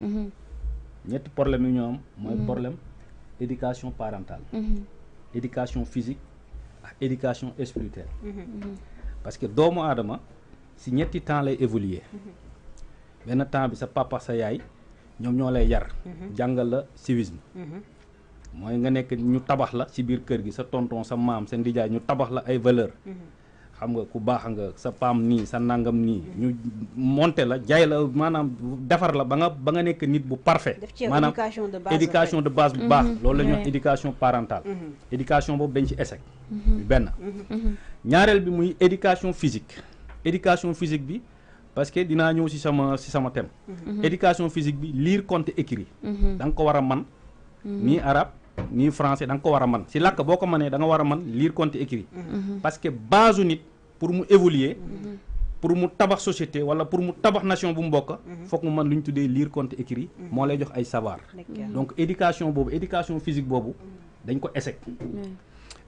Le mhm. problème mhm. l'éducation éducation parentale mhm. éducation physique et éducation spirituelle parce que si nous temps lay évoluer temps sa papa sa yaye, ñoom nous été yar nous la civisme nous nga nekk ñu tabax xam nga ku baax nga sa paam nii sa nangam nii ñu monte la jaay la maanaam defar la ba nga ba nga nekk nit bu parfait maanaam éducation de base bu baax mhm. loolu la ñuy wax éducation parentale mhm. éducation boobu dañ ci échec mhm. benn ñaareel bi muy éducation physique éducation physique bi parce que dinaa ñëw ci sama ci sama thème éducation physique bi liir compter écrire da nga ko war a man nii arabe nii français da nga ko war a man si làkk boo ko mënee da nga war a man lire compter pour mu évoluer mhm. pour mu tabax société wala pour mu tabax nation bu mu bokk mhm. foog mu mën lire compte écrit mhm. moi lay jox ay savoir donc éducation bobu éducation physique bobu dañ ko échec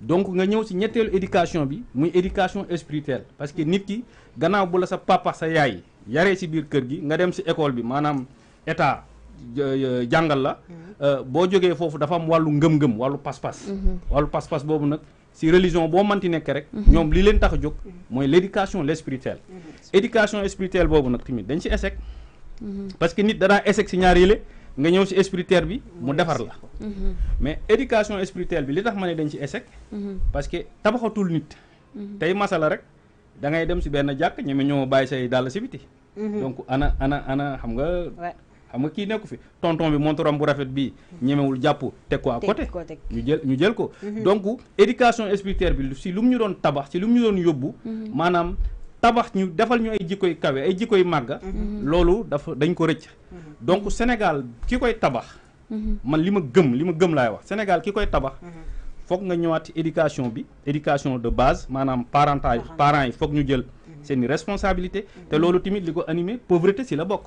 donc nga ñëw ci ñetteelu éducation bi muy éducation spirituelle parce que nit ki gannaaw bu la sa papa sa yaay yaré ci biir kër gi nga dem ci école bi manam état jangal la euh, bo joggé fofu dafa am walu ngëm-ngëm walu pas-pas walu pas-pas bobu nak si religion bo manti nekk rek mhm. ñom li leen tax a moy mhm. l'éducation éducation spirituelle mhm. éducation spirituelle boobu nag tamit dañ ci essek parce que nit dara essek ci ñaar yële nga ñew ci spirituel bi mu défar la mais éducation spirituelle bi li tax mané dañ ci essek parce que tabaxatul nit tey masala rek da ngay dem si benn jàkk ñeme ñoo bàyyi say dal ci biti donc ana ana ana xam nga xam nga kii nekku fi tonton bi montorom bu rafet bii ñemewul jàpp teg ko à côté ñu jël ñu jël ko mhm. donc éducation spirituelle bi si lu mu ñu doon tabax si lu mu ñu doon yóbbu mhm. maanaam tabax ñu defal ñu ay jikkoy kawe ay jikkoy màgga mhm. loolu dafa dañ ko rëcc donc Sénégal ki koy tabax man li ma gëm li ma gëm laay wax Sénégal ki koy tabax foog nga ñëwaat éducation bi éducation de base maanaam parentage parents yi foog ñu jël seeni responsabilité te loolu timit li ko animé pauvreté si la bokk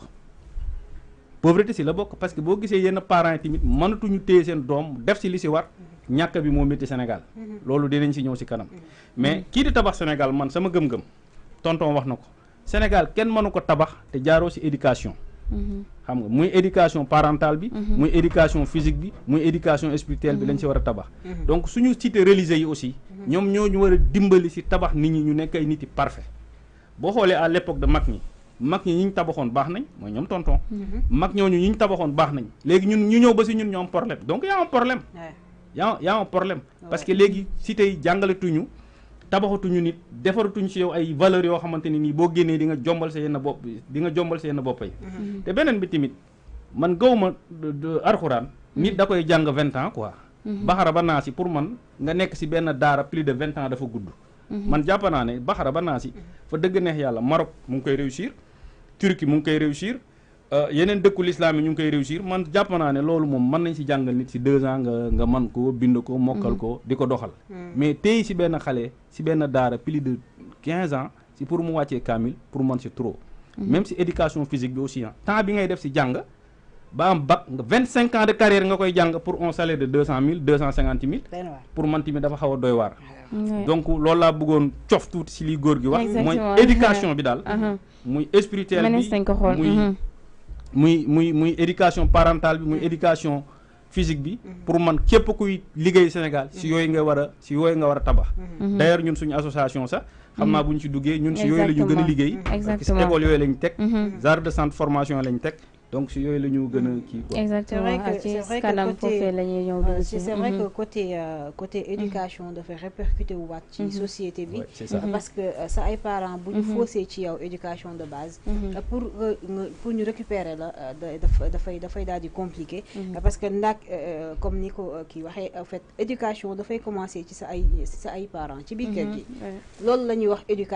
pauvreté si la bok parce que bo gisee yenn parents yi tamit mënatuñu téye seen doom def ci li si war ñaaka bi mo metti Sénégal mhm. lolu dinañ ci ñëw ci kanam mhm. mais mhm. ki di tabax Sénégal man sama gëm-gëm tonton wax nako Sénégal kenn mënu ko tabax te jaaroo si éducation xam nga muy éducation parentale bi muy éducation physique bi muy éducation spirituelle bi lañ ci wara tabax donc suñu cité religieuse yi aussi ñom ñoo ñu wara dimbali ci tabax nit ñi ñu nekk ay nit parfait bo xolé à l'époque de mag ñi Mak ñi ñu tabaxoon baax nañ mooy ñoom tonton mhm. mag ñooñu ñi ñu tabaxoon baax nañ léegi ñun ñu ñëw ba si ñun ñoo problème donc y a un problème y y a un problème parce que léegi si tey jàngalatuñu tabaxatuñu nit defaratuñu ci yow ay valeur yoo xamante ni bo boo génnee di nga jombal sa yenn bopp di nga jombal sa yenn bopp mhm. Mhm. te beneen bi tamit man gawma arxuraan nit da koy jàng 20 ans quoi baxara ba naa si pour man nga nekk si benn daara plus de 20 ans dafa gudd man jàpp naa ne baxara ba naa si fa dëgg neex yàlla Maroc mu ngi koy réussir Turquie mu ngi koy réussir euh, yeneen dëkku lislaam yi ñu ngi koy réussir man jàpp naa ne loolu moom mën nañ si jàngal nit si deux ans nga nga man ko bind ko mokkal ko di ko doxal mm-hmm. Mm-hmm. mais tey si benn xale si benn daara plus de quinze ans si pour mu wàccee kaamil pour man si trop mm-hmm. même si éducation physique bi aussi temps bi ngay def si jàng ba am bac nga vingt cinq ans de carrière nga koy jàng pour un salaire de deux cent mille deux cent cinquante mille pour man tamit dafa xaw a doy waar donc loolu laa bëggoon cof tuuti si li góor gi wax mooy éducation bi daal uh-huh. muy spirituel bi muy uh-huh. muy muy muy éducation parentale bi muy mm-hmm. éducation physique bi mm-hmm. pour man képp kuy liggéey Sénégal si mm-hmm. yooyu nga war a si yooyu nga war a tabax d'ailleurs ñun suñu association sax xam naa bu ñu ci duggee ñun si yooyu la ñu gën a liggéey si école yooyu lañ teg genre de centre formation lañ teg donc si yooyu la ñu gën quoi. exactement ah, ci kanam foofee la ñuy ñëw dugg ci c'est vrai mhm. que côté euh, côté mhm. éducation dafay répercuter wu waat ci mhm. société bi. Euh, parce que ça euh, ay parents bu ñu faussé ci yow éducation de base. pour pour ñu récupérer la dafay dafay daal di compliqué. parce que ndax comme Nico qui kii en fait éducation dafay commencer ci ça ay sa ay parents ci biir kër gi. loolu wax éducation.